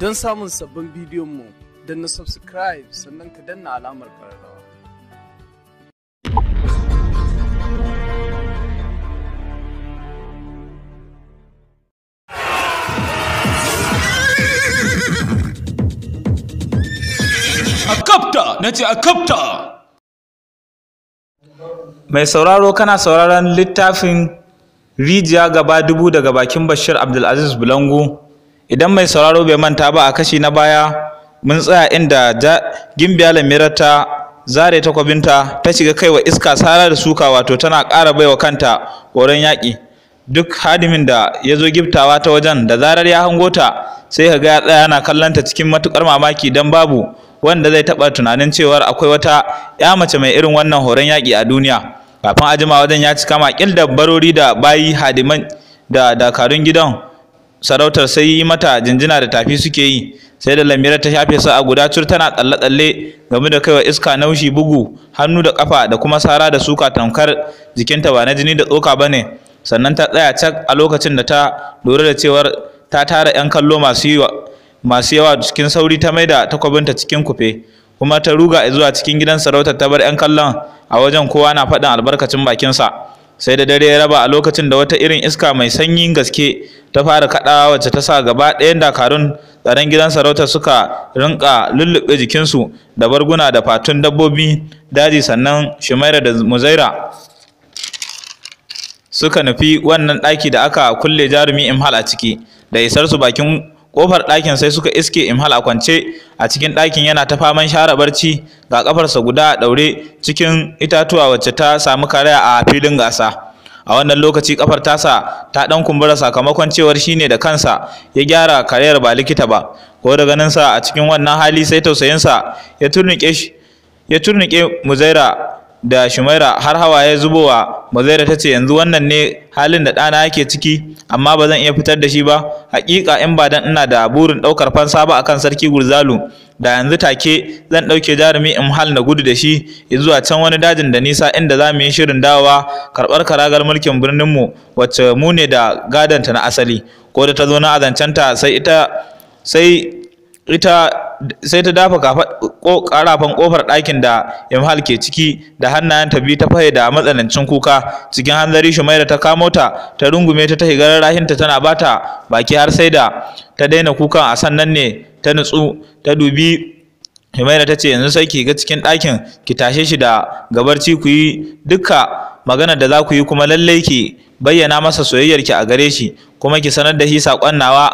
Don samun sabbin bidiyon mu, don na subscribe sannan ka danna alamar ƙararrawa. A kapta! Na a kapta! mai sauraro kana sauraron littafin rijiya gaba dubu daga bakin bashir abdulaziz bulangu idan mai sauraro bai manta ba a kashi na baya mun tsaya inda gimbiya lamirar ta zare takwabinta ta shiga kaiwa iska sara da suka wato tana ƙara baiwa kanta horon yaƙi duk hadimin da ya zo giftawa ta wajen da zarar ya hango ta sai ka ga ya tsaya na kallon cikin matukar mamaki dan babu wanda zai taɓa tunanin cewar akwai wata ya mace mai irin wannan horon yaƙi a duniya kafin ajima wajen ya cika makil da barori da bayi hadiman da dakarun gidan sarautar sai yi mata jinjina da tafi suke yi sai da lamira ta shafe sa a guda cur tana tsalle tsalle game da kaiwa iska naushi bugu hannu da kafa da kuma sara da suka tamkar jikinta ba na jini da tsoka bane sannan ta tsaya cak a lokacin da ta lura da cewar ta tara yan kallo masu masu yawa cikin sauri ta maida takwabinta cikin kufe kuma ta ruga zuwa cikin gidan sarautar ta bar yan kallon a wajen kowa na faɗin albarkacin bakinsa sai da dare ya raba a lokacin da wata irin iska mai sanyin gaske ta fara kaɗawa wacce ta sa gaba ɗayan dakarun tsaron gidan sarauta suka rinka lulluɓe jikinsu da barguna da fatun dabbobi daji sannan shimaira da muzaira suka nufi wannan ɗaki da aka kulle jarumi imhal a ciki da isarsu bakin kofar ɗakin sai suka iske imhal a kwance a cikin ɗakin yana ta faman share barci ga ƙafarsa guda ɗaure cikin itatuwa wacce ta samu kariya a filin gasa a wannan lokaci ƙafar tasa ta ɗan kumbura sakamakon cewar shine da kansa ya gyara karayar ba likita ba ko da ganinsa a cikin wannan hali sai tausayinsa ya ya turnuƙe muzaira da Shumaira har hawa hawaye zubowa Mazaira ta ce yanzu wannan ne halin da ɗana yake ciki amma ba zan iya fitar da shi ba hakika in ba dan ina da burin ɗaukar fansa ba akan sarki Gurzalu da yanzu take zan ɗauke jarumi in hal na gudu da shi zuwa can wani dajin da nisa inda za mu yi shirin dawowa karɓar karagar mulkin birninmu wacce mu ne da gadanta na asali ko da ta zo na azancenta sai ita sai ita sai ta dafa karafan kofar ɗakin da imhal ke ciki da hannayen ta biyu ta fahe da matsanancin kuka cikin hanzari shumaira ta kamo ta ta rungume ta ta higarar rahinta tana bata baki har sai da ta daina kukan a sannan ne ta nutsu ta dubi Humaira ta ce yanzu sai ki ga cikin ɗakin ki tashe shi da gabarci ku yi dukka magana da za ku yi kuma lallai ki bayyana masa soyayyar ki a gare shi kuma ki sanar da shi saƙon nawa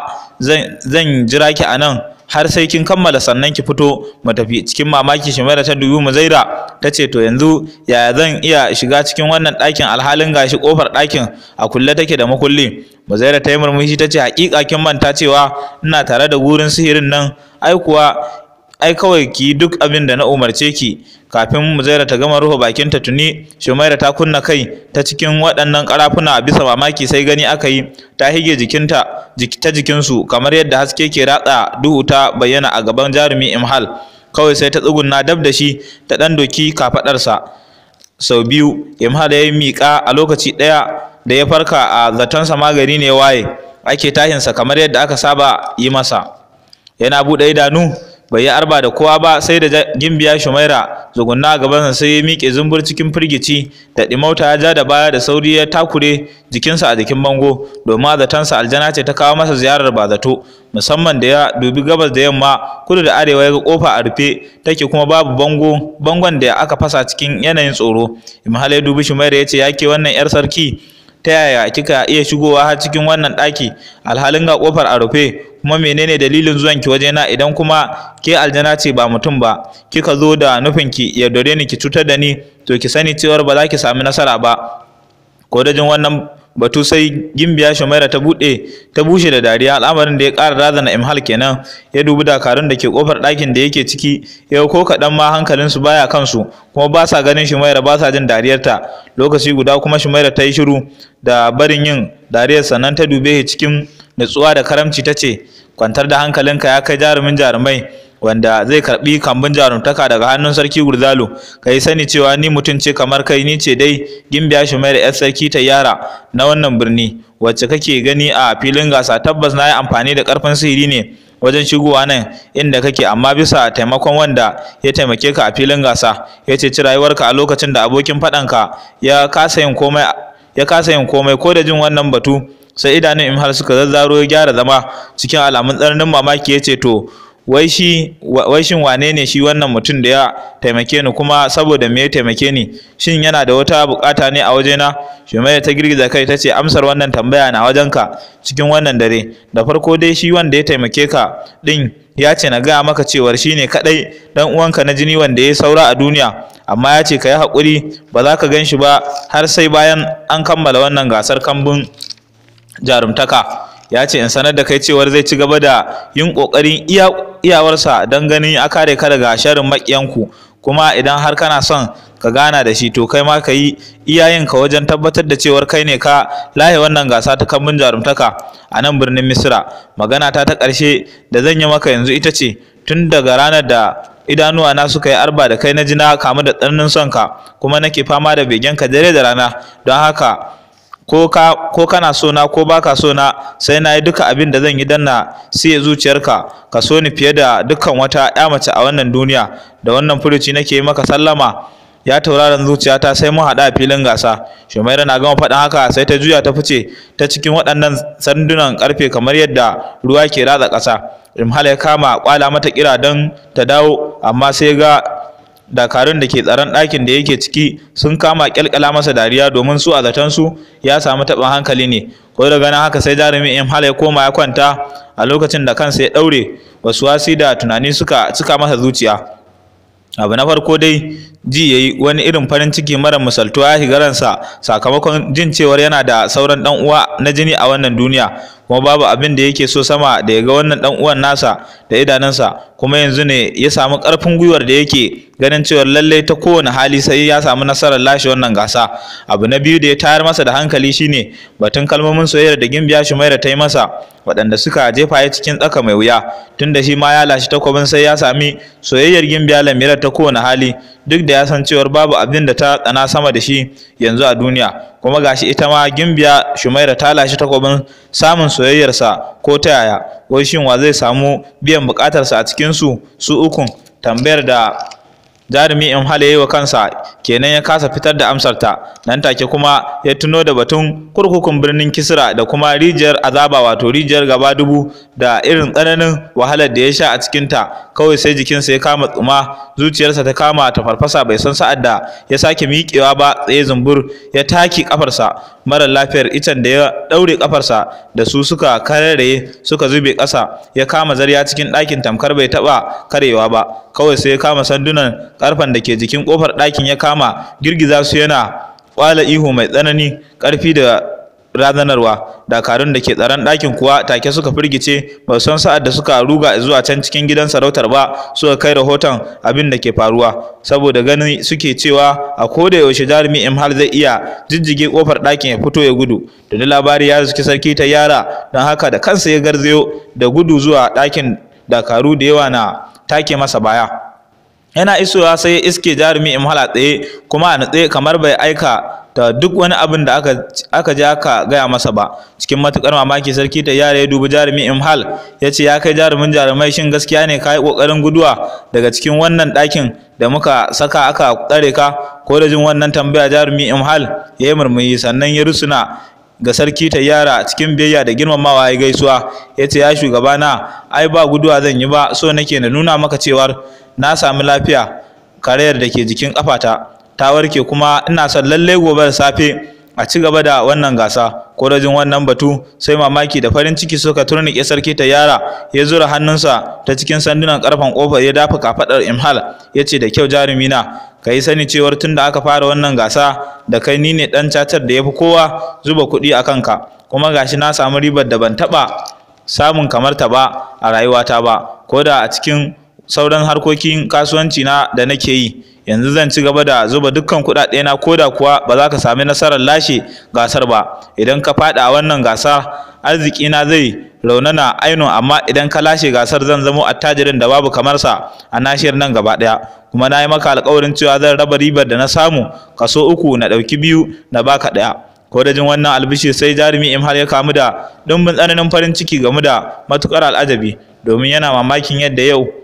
zan jira ki a nan har sai kin kammala sannan ki fito mu tafi cikin mamaki Shumaira ta dubi Muzaira ta ce to yanzu yaya zan iya shiga cikin wannan ɗakin alhalin gashi kofar ɗakin a kulle take da makulli Muzaira ta yi murmushi ta ce kin manta cewa ina tare da gurin sihirin nan ai kuwa ai kawai ki duk abin da na umarce ki kafin muzaira ta gama ruhu ta tuni shumaira ta kunna kai ta cikin waɗannan karafuna bisa mamaki sai gani aka yi ta hige jikinta ta jikinsu kamar yadda haske ke ratsa duhu ta bayyana a gaban jarumi imhal kawai sai ta tsugunna dab da shi ta ɗan doki kafaɗarsa sau biyu imhal ya yi miƙa a lokaci ɗaya da ya farka a zatonsa magani ne waye ake tahinsa kamar yadda aka saba yi masa yana buɗe idanu bai yi arba da kowa ba sai da gimbiya shumaira zugunna a gabansa sai ya miƙe zumbur cikin firgici da ɗimauta ya ja da baya da sauri ya takure jikinsa a jikin bango domin zatansa aljana ce ta kawo masa ziyarar ba zato musamman da ya dubi gabas da yamma kudu da arewa ya ga kofa a rufe take kuma babu bango bangon da aka fasa cikin yanayin tsoro imhala ya dubi shumaira ya ce ya ke wannan yar sarki ta yaya kika iya shigowa har cikin wannan ɗaki alhalin ga ƙofar a rufe kuma menene dalilin zuwan ki waje na idan kuma ke aljana ce ba mutum ba kika zo da nufinki yaudare ni ki cutar da ni to ki sani cewar ba za ki sami nasara ba ko da jin wannan batu sai gimbiya shumaira ta bude ta bushe da dariya al'amarin da ya kara razana imhal kenan ya dubi dakarun da ke kofar ɗakin da yake ciki yau ko kaɗan ma hankalin hankalinsu baya kansu kuma ba sa ganin shumaira ba sa jin dariyarta lokaci guda kuma shumaira ta yi shiru da barin yin dariyar sannan ta dube cikin natsuwa da karamci ta ce kwantar da hankalinka ya kai jarumin jarumai wanda zai karbi kambun jarumtaka daga hannun sarki gurzalu kai sani cewa ni mutum ce kamar kai ni ce dai gimbiya shi shumaira yar sarki ta yara na wannan birni wacce kake gani a filin gasa tabbas na yi amfani da karfin sihiri ne wajen shigowa nan inda kake amma bisa taimakon wanda ya taimake ka a filin gasa ya ci rayuwarka a lokacin da abokin faɗanka ya kasa yin komai ya kasa yin komai ko da jin wannan batu sai idanun har suka zazzaro ya gyara zama cikin alamun tsananin mamaki ya ce to wai shi wane ne shi wannan mutum da ya taimake ni kuma saboda me ya taimake ni shin yana da wata bukata ne a wajena Shumaira ta girgiza kai ta ce amsar wannan tambaya na wajenka cikin wannan dare da farko dai shi wanda ya taimake ka din ya ce na gaya maka cewar shi ne kadai dan uwanka na jini wanda ya saura a duniya amma ya ce ka yi hakuri ba za ka gan shi ba har sai bayan an kammala wannan gasar kambun jarumtaka ya ce in sanar da kai cewar zai ci gaba da yin kokarin iyawarsa don ganin a kare ka daga sharrin makiyanku kuma idan har kana son ka gana da shi to kai ma ka yi iyayenka wajen tabbatar da cewar kai ne ka lahe wannan gasa ta kambun jarumtaka a nan birnin misira magana ta ta ƙarshe da zan yi maka yanzu ita ce tun daga ranar da idanuwa na suka yi arba da kai na jina kamu da tsananin son ka kuma nake fama da begen ka dare da rana don haka ko kana sona ko baka so na sai na yi duka abin da zan yi dan na siye zuciyarka ka so ni fiye da dukkan wata ƴa mace a wannan duniya da wannan furuci nake yi maka sallama ya tauraron zuciyata sai mu haɗa a filin gasa shumaira na gama faɗin haka sai ta juya ta fice ta cikin waɗannan sandunan ƙarfe kamar yadda ruwa ke ratsa ƙasa imhal ya kama kwala mata kira don ta dawo amma sai ga dakarun da ke tsaron ɗakin da yake ciki sun kama kyalkyala masa dariya domin su a zaton su ya samu taɓin hankali ne ko ganin ganin haka sai jarumi in hala ya koma ya kwanta a lokacin da kansa ya ɗaure wasu wasi da tunani suka cika masa zuciya abu na farko dai ji yayi wani irin farin ciki mara misaltuwa ya shiga ransa sakamakon jin cewar yana da sauran dan uwa na jini a wannan duniya kuma babu abin da yake so sama da ya ga wannan dan uwan nasa da idanunsa kuma yanzu ne ya samu karfin gwiwar da yake ganin cewa lalle ta kowane hali sai ya samu nasarar lashe wannan gasa abu na biyu da ya tayar masa da hankali shine batun kalmomin soyayya da gimbiya shumaira ta yi masa waɗanda suka jefa ya cikin tsaka mai wuya tunda shi ma ya lashe takwabin sai ya sami soyayyar gimbiya lamira ta kowane hali duk da ya san cewar babu abin da ta tsana sama da shi yanzu a duniya kuma gashi ita ma gimbiya shumaira ta lashe takobin samun soyayyarsa ko ta yaya wai shin wa zai samu biyan bukatarsa a cikin su su ukun tambayar da jarumi in hala yi wa kansa kenan ya kasa fitar da amsarta nan take kuma ya tuno da batun kurkukun birnin kisra da kuma rijiyar azaba wato rijiyar gaba dubu da irin tsananin wahalar da ya sha a cikinta kawai sai jikinsa ya kama tsuma zuciyarsa ta kama ta farfasa bai san sa'ad da ya sake miƙewa ba tsaye zumbur ya taki kafarsa mara lafiyar itan da ya daure kafarsa da su suka karare suka zube ƙasa ya kama zarya cikin ɗakin tamkar bai taɓa karewa ba kawai sai ya kama sandunan ƙarfen da ke jikin ƙofar ɗakin ya kama girgiza su yana kwala ihu mai tsanani ƙarfi da razanarwa dakarun da ke tsaron ɗakin kuwa take suka firgice ba san sa'ad da suka ruga zuwa can cikin gidan sarautar ba suka kai rahoton abin da ke faruwa saboda ganin suke cewa a koda yaushe jarumi imhal zai iya jijjige kofar ɗakin ya fito ya gudu da labari ya zuki sarki ta yara don haka da kansa ya garzayo da gudu zuwa ɗakin dakaru da yawa na take masa baya yana isowa sai iske jarumi imhal a tsaye kuma a natse kamar bai aika ta duk wani abin da aka aka je aka gaya masa ba cikin matukar mamaki sarki ta yare ya dubi jarumi imhal ya ce ya kai jarumin jarumai shin gaskiya ne ka yi kokarin guduwa daga cikin wannan ɗakin da muka saka aka tsare ka ko da jin wannan tambaya jarumi imhal ya yi murmuyi sannan ya rusuna ga sarki ta yara cikin biyayya da girmamawa ya gaisuwa ya ce ya shugaba na? ai ba guduwa zan yi ba so nake na nuna maka cewar na sami lafiya karayar da ke jikin kafata ta warke kuma ina son lallai gobe da safe a ci gaba da wannan gasa ko rajin wannan batu sai mamaki da farin ciki suka turnike sarki ta yara ya zura hannunsa ta cikin sandunan karfan kofar ya dafa kafadar imhal ya ce da kyau jarumina ka yi sani cewar tun da aka fara wannan gasa da kai ni ne dan cacar da yafi kowa zuba kuɗi a kanka kuma gashi na samu ribar da ban taɓa samun kamar ta ba a rayuwata ba ko da a cikin sauran harkokin kasuwanci na da nake yi yanzu zan ci gaba da zuba dukkan kuɗaɗe na da kuwa ba za ka sami nasarar lashe gasar ba idan ka faɗi a wannan gasa arziki na zai raunana aino amma idan ka lashe gasar zan zamo attajirin da babu kamar sa a nashiyar nan gaba ɗaya kuma na yi maka alƙawarin cewa zan raba ribar da na samu kaso uku na ɗauki biyu na baka ɗaya ko da jin wannan albishi sai jarumi in har ya kamu da ɗumbin tsananin farin ciki game da matukar al'ajabi domin yana mamakin yadda yau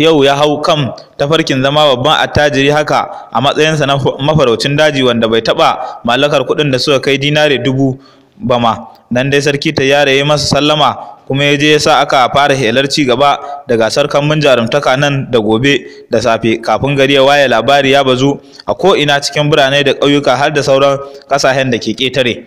yau ya hau kan tafarkin zama babban attajiri haka a matsayinsa na mafaraucin daji wanda bai taba mallakar kuɗin da suka kai dinare dubu bama nan dai sarki ta yare ya masa sallama kuma ya je ya sa aka fara helar ci gaba da gasar kambun jarumtaka nan da gobe da safe kafin gari ya waye labari ya bazu a ko ina cikin birane da ƙauyuka har da sauran ƙasashen da ke ƙetare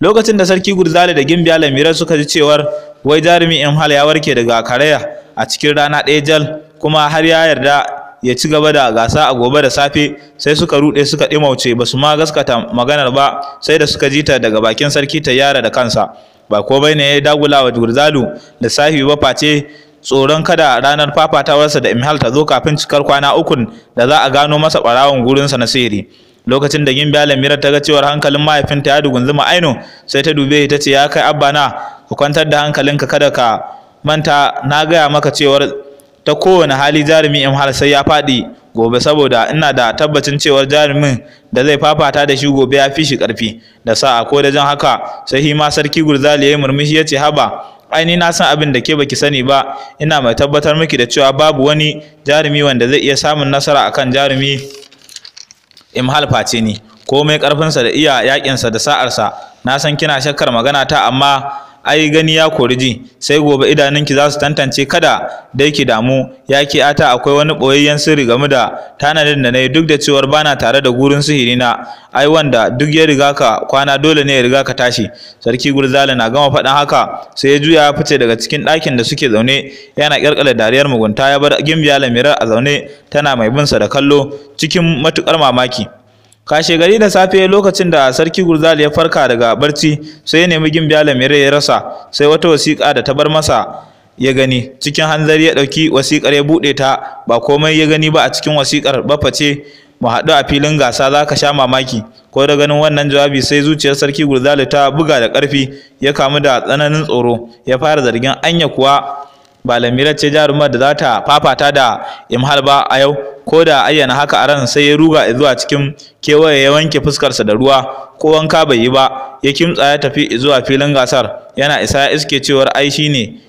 lokacin da sarki gurzale da gimbiya lamira suka ji cewar wai jarumi in hal ya warke daga karaya a cikin rana ɗaya jal kuma har ya yarda ya ci gaba da gasa a gobe da safe sai suka ruɗe suka ɗimauce ba su ma gaskata maganar ba sai da suka jita daga bakin sarki ta yara da kansa ba ko bai ne ya dagula wa gurzalu da ba face tsoron kada ranar fafatawarsa da imhal ta zo kafin cikar kwana ukun da za a gano masa ɓarawon gurinsa na sihiri lokacin da gimbiya lamira ta ga cewar hankalin mahaifinta ya dugunzuma aino sai ta dube ta ce ya kai abba na ku kwantar da hankalinka kada ka manta na gaya maka cewar ta kowane hali jarumi in har sai ya faɗi gobe saboda ina da tabbacin cewar jarumin da zai fafata da shi gobe ya fi shi karfi da sa'a ko da jan haka sai ma sarki gurzali ya yi murmushi ya ce haba aini na san abin da ke baki sani ba ina mai tabbatar miki da cewa babu wani jarumi wanda zai iya samun nasara akan jarumi imhal face ni komai karfinsa da iya yakinsa da sa'arsa na san kina shakkar magana ta amma ai gani ya kori ji sai gobe idanunki za su tantance kada dai ki damu ya ke ata akwai wani boyayyen sirri game da tanadin da na yi duk da cewar bana tare da gurin sihiri na ai wanda duk ya riga ka kwana dole ne ya riga ka tashi sarki gurzala na gama faɗan haka sai ya juya ya fice daga cikin ɗakin da suke zaune yana ƙyarƙyar dariyar mugunta ya bar gimbiya lamira a zaune tana mai bin sa da kallo cikin matukar mamaki kashe gari da safe lokacin da sarki gurzal ya farka daga barci sai ya nemi gimbiya mere ya rasa sai wata wasiƙa da ta bar masa ya gani cikin hanzari ya ɗauki wasiƙar ya buɗe ta ba komai ya gani ba a cikin wasiƙar baface face mu haɗu a filin gasa za ka sha mamaki ko da ganin wannan jawabi sai zuciyar sarki gurzali ta buga da ƙarfi ya kamu da tsananin tsoro ya fara zargin anya kuwa ba lamirace ce jarumar da za ta fafata da imhal ba a yau ko da ayyana haka a ran sai ya ruga zuwa cikin kewaye ya wanke fuskarsa da ruwa ko wanka bai yi ba ya kimtsa ya tafi zuwa filin gasar yana isa ya iske cewar ai shine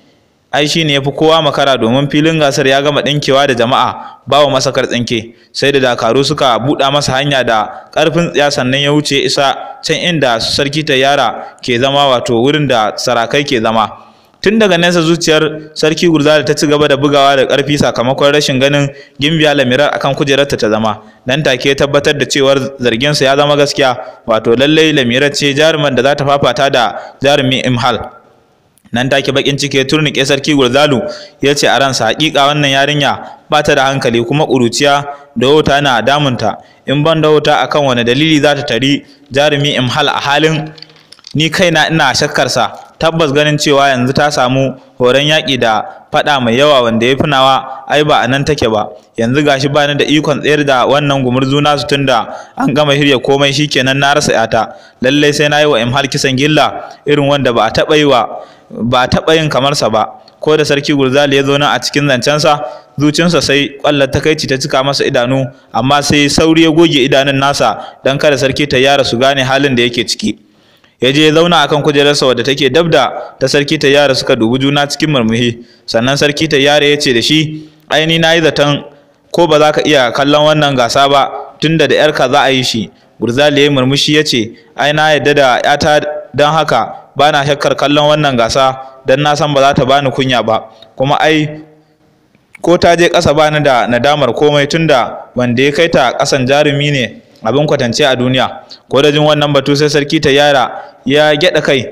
ai shine yafi kowa makara domin filin gasar ya gama dinkewa da jama'a bawa masakar tsinke sai da dakaru suka buɗa masa hanya da ƙarfin tsiya sannan ya wuce isa can inda sarki ta yara ke zama wato wurin da sarakai ke zama tun daga nesa zuciyar sarki Gurzada ta ci gaba da bugawa da ƙarfi sakamakon rashin ganin gimbiya lamirar akan kujerarta ta zama nan take tabbatar da cewar zarginsa ya zama gaskiya wato lallai lamirar ce jaruman da za ta fafata da jarumin imhal nan take bakin ciki ya turnike sarki gurzalu ya ce a ransa hakika wannan yarinya ba ta da hankali kuma ƙuruciya da wata na damunta in ban da wata akan wani dalili za ta tari jarumi imhal a halin ni kaina ina shakkarsa tabbas ganin cewa yanzu ta samu horon yaƙi da faɗa mai yawa wanda ya fi nawa ai ba a nan take ba yanzu gashi bani da ikon tsayar da wannan gumurzu nasu tunda an gama hirya komai shikenan na rasa yata lallai sai na yi wa imhal kisan gilla irin wanda ba a taɓa yi wa ba a taɓa yin kamarsa ba ko da sarki gurzali ya zo nan a cikin zancensa zuciyarsa sai kwallon takaici ta cika masa idanu amma sai sauri ya goge idanun nasa don kada sarki ta yara su gane halin da yake ciki ya je ya zauna akan kujerarsa wadda take dabda ta sarki ta yara suka dubi juna cikin murmushi sannan sarki ta yara ya ce da shi aini na yi zaton ko ba za ka iya kallon wannan gasa ba tunda da yarka za a yi shi gurzali ya murmushi ya ce ai na yadda da yata don haka ba na shakkar kallon wannan gasa don na san ba za ta bani kunya ba kuma ai ko ta je ƙasa bani da nadamar komai tunda wanda ya kai ta ƙasan jarumi ne abin kwatance a duniya ko da jin wannan batu sai sarki ta yara ya gyada kai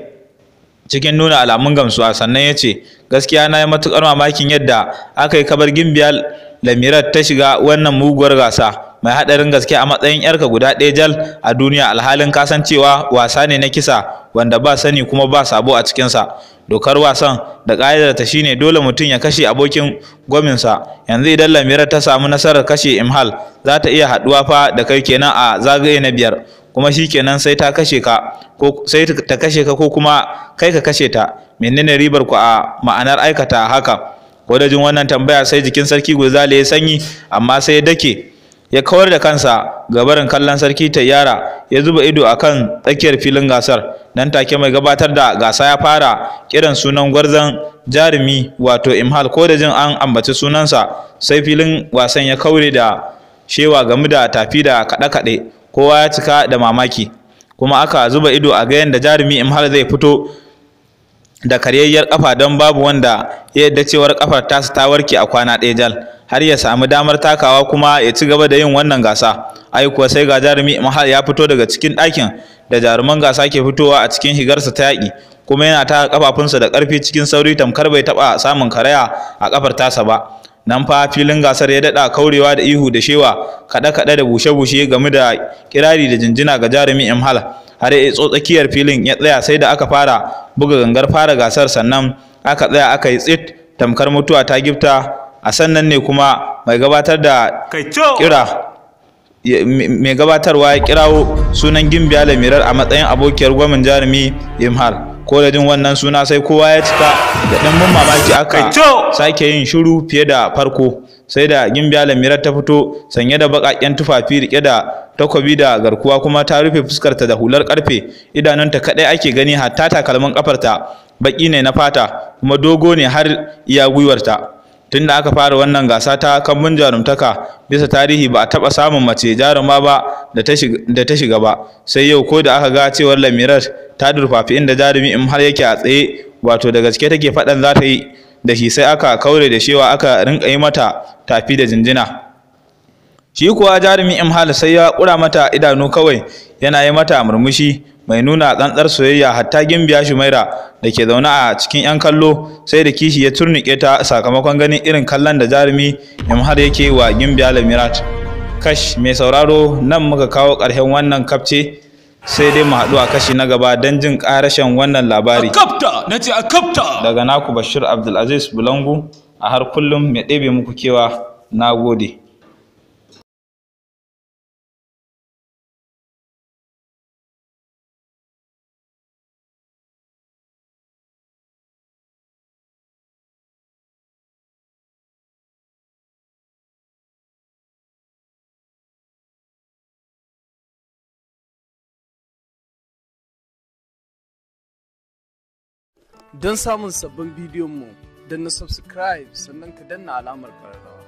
cikin nuna alamun gamsuwa sannan ya ce gaskiya na yi matuƙar mamakin yadda aka yi kabar gimbiya lamirat ta shiga wannan muguwar gasa mai haɗarin gaske a matsayin yarka guda ɗaya jal a duniya alhalin kasancewa wasa ne na kisa wanda ba sani kuma ba sabo a cikinsa dokar wasan da ta shine dole mutum ya kashe abokin gwaminsa yanzu idan lamirar ta samu nasarar kashe imhal za ta iya haɗuwa fa da kai kenan a zagaye na biyar kuma shikenan sai ta kashe ka ko sai ta kashe ka ko kuma kai ka kashe ta menene ribar ku a ma'anar aikata haka ko da jin wannan tambaya sai jikin sarki guzali ya sanyi amma sai ya dake ya kawar da kansa ga barin kallon sarki ta yara ya zuba ido a kan tsakiyar filin gasar nan take mai gabatar da gasa ya fara kiran sunan gwarzon jarumi wato imhal ko da jin an ambaci sunansa sai filin wasan ya kaure da shewa game da tafi da kaɗe-kaɗe kowa ya cika da mamaki kuma aka zuba ido a ga yadda jarumi imhal zai fito da karyayyar kafa don babu wanda ya yadda cewar kafar tasu ta warke a kwana ɗaya jal har ya sami damar takawa kuma ya ci gaba da yin wannan gasa ai kuwa sai ga jarumi mahal ya fito daga cikin ɗakin da jaruman gasa ke fitowa a cikin higarsa ta yaƙi kuma yana ta kafafunsa da ƙarfi cikin sauri tamkar bai taɓa samun karaya a kafar tasa ba nan fa filin gasar ya daɗa kaurewa da ihu da shewa kaɗe-kaɗe da bushe-bushe game da kirari da jinjina ga jarumi imhala har ya tsakiyar filin ya tsaya sai da aka fara buga gangar fara gasar sannan aka tsaya aka yi tsit tamkar mutuwa ta gifta a sannan ne kuma mai gabatar da kira mai gabatarwa ya kirawo sunan gimbiya lamirar a matsayin abokiyar gwamnan jarumi imhal ko da jin wannan suna sai kowa ya cika da ɗan mun mamaki aka sake yin shiru fiye da farko sai da gimbiya lamirar ta fito sanye da baƙaƙen tufafi rike da takobi da garkuwa kuma ta rufe fuskarta da hular ƙarfe idanunta kaɗai ake gani hatta takalmin ƙafarta baƙi ne na fata kuma dogo ne har iya gwiwarta tun da aka fara wannan gasa ta kambun jarumtaka bisa tarihi ba a taba samun mace jaruma ba da ta shiga ba sai yau ko da aka ga cewar lamirar ta durfafi inda jarumi in har yake a tsaye wato da gaske take faɗan za ta yi da shi sai aka kaure da shewa aka rinka yi mata tafi da jinjina shi kuwa jarumi imhal sai ya kura mata idanu kawai yana yi mata murmushi mai nuna tsantsar soyayya hatta gimbiya shumaira da ke zaune a cikin 'yan kallo sai da kishi ya turnike ta sakamakon ganin irin kallon da jarumi imhar yake wa gimbiya lamirat kash mai sauraro nan muka kawo ƙarshen wannan kafce sai dai mu haɗu a kashi na gaba don jin ƙarashen wannan labari daga naku bashir abdulaziz bulangu a har kullum mai ɗebe muku kewa na gode don samun sabbin bidiyon mu na subscribe sannan ka danna alamar ƙararrawa.